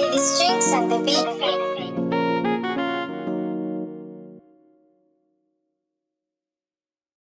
The strings and the beat.